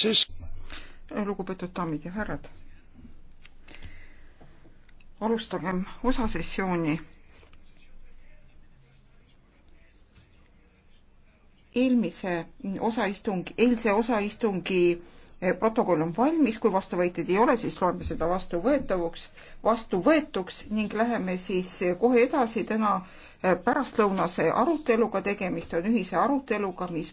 sest lugupeetud daamid ja härrad, alustagem osasessiooni. eelmise osaistung, eilse osaistungi eh, protokoll on valmis, kui vastuvõtjaid ei ole, siis loeme seda vastuvõetavuks, vastuvõetuks ning läheme siis kohe edasi täna eh, pärastlõunase aruteluga, tegemist on ühise aruteluga, mis